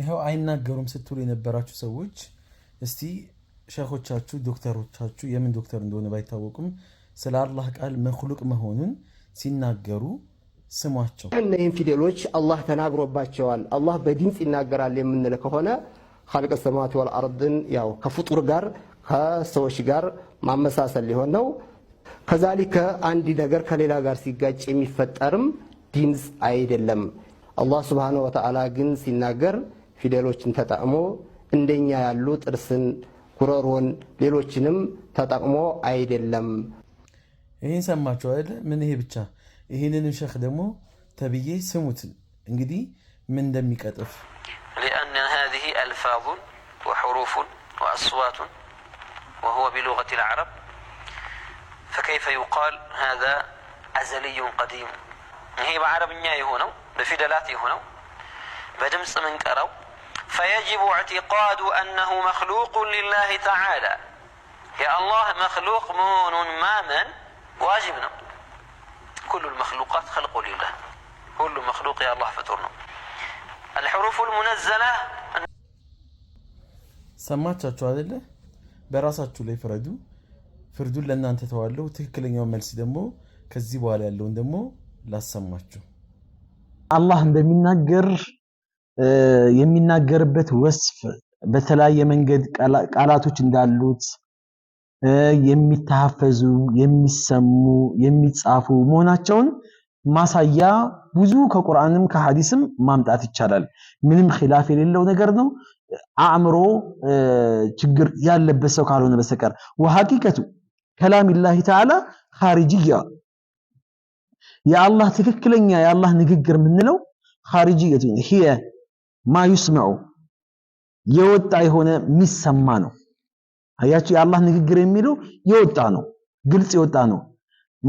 ይኸው አይናገሩም ስትሉ የነበራችሁ ሰዎች እስቲ ሸኾቻችሁ ዶክተሮቻችሁ የምን ዶክተር እንደሆነ ባይታወቁም ስለ አላህ ቃል መክሉቅ መሆኑን ሲናገሩ ስሟቸው። እነህን ፊደሎች አላህ ተናግሮባቸዋል። አላህ በድምፅ ይናገራል የምንል ከሆነ ኻልቀ ሰማዋት ወል አርድን ያው ከፍጡር ጋር ከሰዎች ጋር ማመሳሰል ሊሆን ነው። ከዛሊከ አንድ ነገር ከሌላ ጋር ሲጋጭ የሚፈጠርም ድምፅ አይደለም። አላህ ስብሓነሁ ወተዓላ ግን ሲናገር ፊደሎችን ተጠቅሞ እንደኛ ያሉ ጥርስን፣ ጉሮሮን፣ ሌሎችንም ተጠቅሞ አይደለም። ይህን ሰማችሁ አይደለ? ምን ይሄ ብቻ። ይህንንም ሸክ ደግሞ ተብዬ ስሙት እንግዲህ ምን እንደሚቀጥፍ ሊአነ ሃዚህ አልፋዙን ወሑሩፉን ወአስዋቱን ወሁወ ቢሉገት ልዓረብ ፈከይፈ ዩቃል ሃዛ አዘልዩን ቀዲም ይሄ በአረብኛ የሆነው በፊደላት የሆነው በድምፅ ምንቀረው فيجب اعتقاد أنه መክሉቅ لله ተዓላ የአላህ መክሉቅ መሆኑን ማመን ዋጅብ ነው። ኩሉ መክሉቃት ኸልቁ ሊላህ ሁሉ መክሉቅ የአላህ ፍጡር ነው። አልሕሩፍ ልሙነዘላ ሰማቻችሁ አይደለ? በራሳችሁ ላይ ፍረዱ፣ ፍርዱን ለእናንተ ተዋለው ትክክለኛው መልስ ደግሞ ከዚህ በኋላ ያለውን ደግሞ ላሰማችሁ አላህ እንደሚናገር የሚናገርበት ወስፍ በተለያየ መንገድ ቃላቶች እንዳሉት የሚተሐፈዙ፣ የሚሰሙ፣ የሚጻፉ መሆናቸውን ማሳያ ብዙ ከቁርአንም ከሐዲስም ማምጣት ይቻላል። ምንም ኺላፍ የሌለው ነገር ነው። አእምሮ ችግር ያለበት ሰው ካልሆነ በስተቀር ወሐቂቀቱ ከላሚላሂ ተዓላ ኻሪጅያ የአላህ ትክክለኛ የአላህ ንግግር የምንለው ኻሪጅየቱ ሂየ ማዩስመዑ የወጣ የሆነ የሚሰማ ነው። አያችሁ የአላህ ንግግር የሚለው የወጣ ነው፣ ግልጽ የወጣ ነው።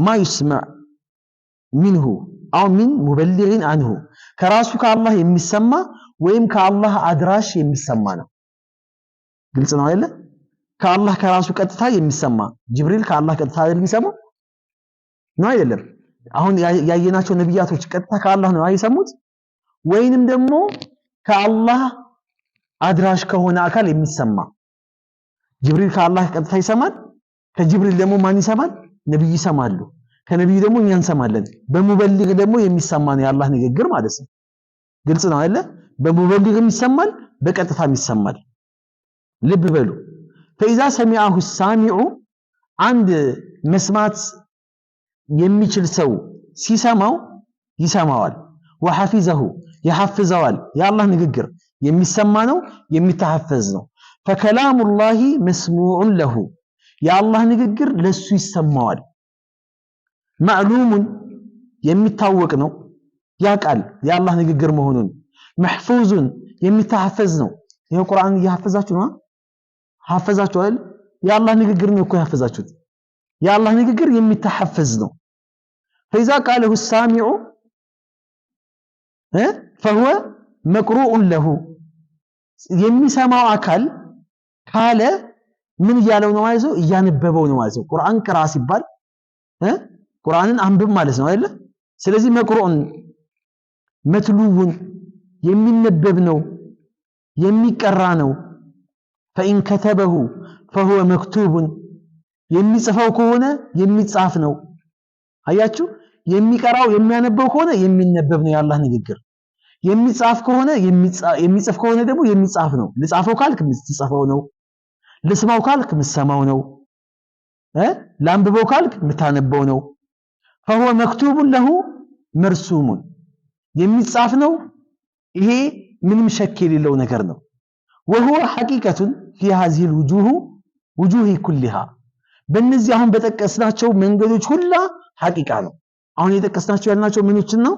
ማዩስመዕ ሚንሁ አው ሚን ሙበሊግን አንሁ ከራሱ ከአላህ የሚሰማ ወይም ከአላህ አድራሽ የሚሰማ ነው። ግልጽ ነው አይደለ? ከአላህ ከራሱ ቀጥታ የሚሰማ ጅብሪል ከአላህ ቀጥታ አይደል የሚሰማው ነው አይደለም? አሁን ያየናቸው ነቢያቶች ቀጥታ ከአላህ ነው አይሰሙት ወይንም ደግሞ ከአላህ አድራሽ ከሆነ አካል የሚሰማ ጅብሪል ከአላህ ቀጥታ ይሰማል። ከጅብሪል ደግሞ ማን ይሰማል? ነብይ ይሰማሉ። ከነብይ ደግሞ እኛ እንሰማለን። በሙበሊግ ደግሞ የሚሰማ ነው የአላህ ንግግር ማለት ነው። ግልጽ ነው አይደለ? በሙበሊግም ይሰማል፣ በቀጥታም ይሰማል። ልብ በሉ። ፈኢዛ ሰሚዐሁ ሳሚዑ አንድ መስማት የሚችል ሰው ሲሰማው ይሰማዋል። ወሐፊዘሁ ያሐፍዘዋል። የአላህ ንግግር የሚሰማ ነው፣ የሚተሐፈዝ ነው። ፈከላሙላሂ መስሙዑን ለሁ የአላህ ንግግር ለሱ ይሰማዋል። ማዕሉሙን የሚታወቅ ነው፣ ያቃል የአላህ ንግግር መሆኑን። መሕፉዙን የሚተሐፈዝ ነው። ይህ ቁርአን እያሐፈዛችሁ ነው፣ ሐፈዛችሁ የአላህ ንግግር ነው እኮ ያሐፈዛችሁት። የአላህ ንግግር የሚተሐፈዝ ነው። ፈኢዛ ቃለሁ ሳሚዑ ፈህወ መቅሩኡን ለሁ የሚሰማው አካል ካለ ምን እያለው ነው ማለት ነው? እያነበበው ነው ማለት ነው። ቁርአን ቅራ ሲባል ቁርአንን አንብብ ማለት ነው አይደለ? ስለዚህ መቅሩኡን መትሉውን የሚነበብ ነው የሚቀራ ነው። ፈኢን ከተበሁ ፈህወ መክቱቡን የሚጽፈው ከሆነ የሚጻፍ ነው። አያችሁ የሚቀራው የሚያነበው ከሆነ የሚነበብ ነው የአላህ ንግግር። የሚጻፍ ከሆነ የሚጽፍ ከሆነ ደግሞ የሚጻፍ ነው። ልጻፈው ካልክ የምትጽፈው ነው። ልስማው ካልክ የምትሰማው ነው። ላንብበው ካልክ የምታነበው ነው። فهو مكتوب له مرسوم የሚጻፍ ነው። ይሄ ምንም ሸክ የሌለው ነገር ነው። وهو ሐቂቀቱን في هذه الوجوه وجوه كلها በእነዚህ አሁን በጠቀስናቸው መንገዶች ሁላ ሐቂቃ ነው። አሁን የጠቀስናቸው ያልናቸው ምኖችን ነው?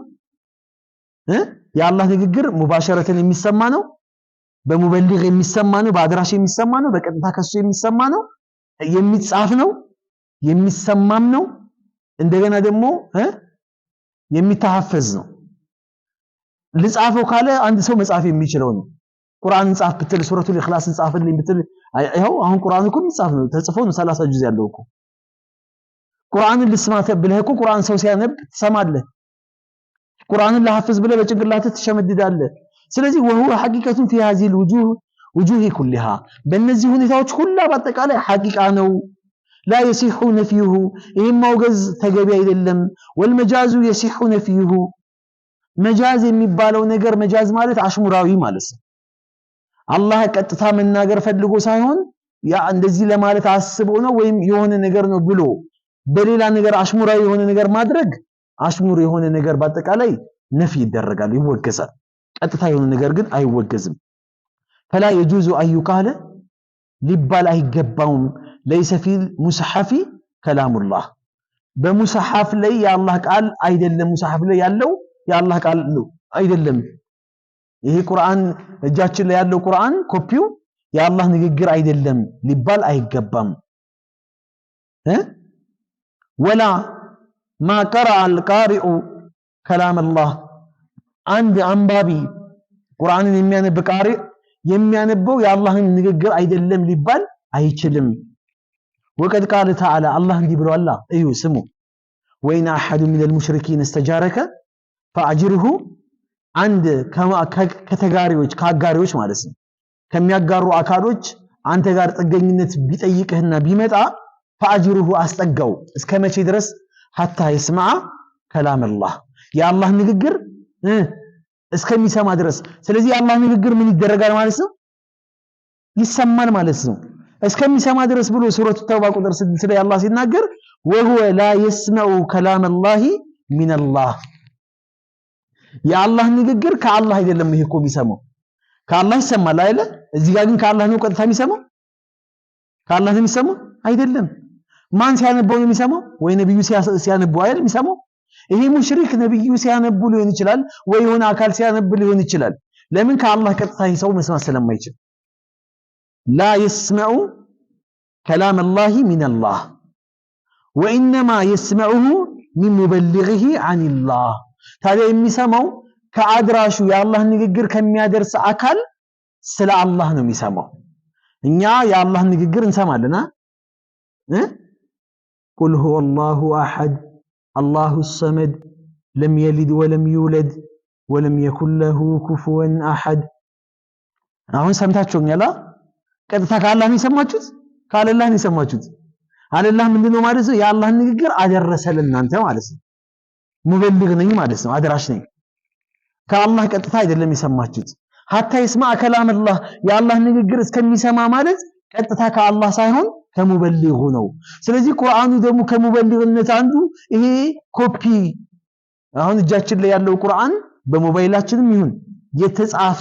የአላህ ንግግር ሙባሸረትን የሚሰማ ነው፣ በሙበሊግ የሚሰማ ነው፣ በአድራሽ የሚሰማ ነው፣ በቀጥታ ከሱ የሚሰማ ነው፣ የሚጻፍ ነው፣ የሚሰማም ነው። እንደገና ደግሞ የሚተሐፈዝ ነው። ልጻፈው ካለ አንድ ሰው መጻፍ የሚችለው ነው። ቁርአንን ጻፍ ብትል ሱረቱል ኢኽላስን ጻፍልኝ ብትል ይኸው አሁን ቁርአን እኮ የሚጻፍ ነው፣ ተጽፎ ነው 30 ጁዝ ያለው እኮ ቁርአንን ልስማተ ብለህ እኮ ቁርአን ሰው ሲያነብ ትሰማለህ። ቁርአንን ለሐፍዝ ብለህ በጭንቅላት ትሸመድዳለህ። ስለዚህ ወሁ ሐቂቀቱን ፊ ሀዚል ውጁህ ውጁህ ኩሊሃ በእነዚህ ሁኔታዎች ሁላ በአጠቃላይ ሐቂቃ ነው። ላ የሲሑ ነፊዩሁ ይህም ማውገዝ ተገቢ አይደለም። ወልመጃዙ የሲሑ ነፊዩሁ መጃዝ የሚባለው ነገር መጃዝ ማለት አሽሙራዊ ማለት ነው። አላህ ቀጥታ መናገር ፈልጎ ሳይሆን ያ እንደዚህ ለማለት አስቦ ነው ወይም የሆነ ነገር ነው ብሎ በሌላ ነገር አሽሙራዊ የሆነ ነገር ማድረግ አሽሙር የሆነ ነገር በአጠቃላይ ነፊ ይደረጋል፣ ይወገዛል። ቀጥታ የሆነ ነገር ግን አይወገዝም። ፈላ የጁዙ አዩካለ ሊባል አይገባውም። ለይሰ ፊል ሙስሐፊ ከላሙላህ በሙስሐፍ ላይ የአላህ ቃል አይደለም። ሙስሐፍ ላይ ያለው የአላህ ቃል ነው አይደለም። ይሄ ቁርአን እጃችን ላይ ያለው ቁርአን ኮፒው የአላህ ንግግር አይደለም ሊባል አይገባም እ ወላ ማ ቀረአ አልቃሪኡ ከላም አንድ አንባቢ ቁርአንን የሚያነብ ቃሪ የሚያነበው የአላህን ንግግር አይደለም ሊባል አይችልም። ወቀድ ቃለ ተዓላ አላህ እንዲህ ብሏላ። እዩ ስሙ። ወይን አሐዱ ሚነል ሙሽሪኪን እስተጃረከ ፈአጅርሁ አንድ ከተጋሪዎች ከአጋሪዎች ማለት ነው ከሚያጋሩ አካሎች አንተ ጋር ጥገኝነት ቢጠይቅህና ቢመጣ ፈአጅሩሁ አስጠጋው። እስከ መቼ ድረስ? ሀታ የስማዓ ከላመላህ የአላህ ንግግር እስከሚሰማ ድረስ። ስለዚህ የአላህ ንግግር ምን ይደረጋል ማለት ነው? ይሰማል ማለት ነው። እስከሚሰማ ድረስ ብሎ ሱረቱ ተውባ ቁጥር ስድስት ላይ አላህ ሲናገር ወሁወ ላ የስመዑ ከላመላሂ ሚነላህ የአላህ ንግግር ከአላህ አይደለም። ይሄ እኮ የሚሰማው ከአላህ ይሰማል አይደለ? እዚህ ጋር ግን ከአላህ ነው ቀጥታ የሚሰማው ከአላህ ነው የሚሰማው አይደለም። ማን ሲያነባው ነው የሚሰማው? ወይ ነብዩ ሲያነቡ አይደል የሚሰማው? ይሄ ሙሽሪክ ነብዩ ሲያነቡ ሊሆን ይችላል፣ ወይ የሆነ አካል ሲያነብ ሊሆን ይችላል። ለምን ከአላህ ቀጥታ ሰው መስማት ስለማይችል ላ የስመዑ ከላም አላሂ ሚነላህ ወኢነማ የስመዑሁ ሚን ሙበሊግህ አኒላህ። ታዲያ የሚሰማው ከአድራሹ የአላህ ንግግር ከሚያደርስ አካል ስለ አላህ ነው የሚሰማው። እኛ የአላህ ንግግር እንሰማለና قل هو አላሁ احد الله الصمد لم يلد ولم يولد ወለም የኩን ለሁ ኩፉወን አሐድ። አሁን ሰምታችሁኛል። ቀጥታ ከአላህ የሰማችሁት ከአላህ የሰማችሁት አላህ ምንድነው ማለት ነው? የአላህን ንግግር አደረሰ ለእናንተ ማለት ነው። ሙበልግ ነኝ ማለት ነው። አድራሽ ነኝ። ከአላህ ቀጥታ አይደለም የሰማችሁት። ሀታ የስማ ከላምላህ የአላህ ንግግር እስከሚሰማ ማለት ቀጥታ ከአላህ ሳይሆን ከሙበሊሁ ነው። ስለዚህ ቁርአኑ ደግሞ ከሙበሊግነት አንዱ ይሄ ኮፒ አሁን እጃችን ላይ ያለው ቁርአን በሞባይላችንም ይሁን የተጻፈ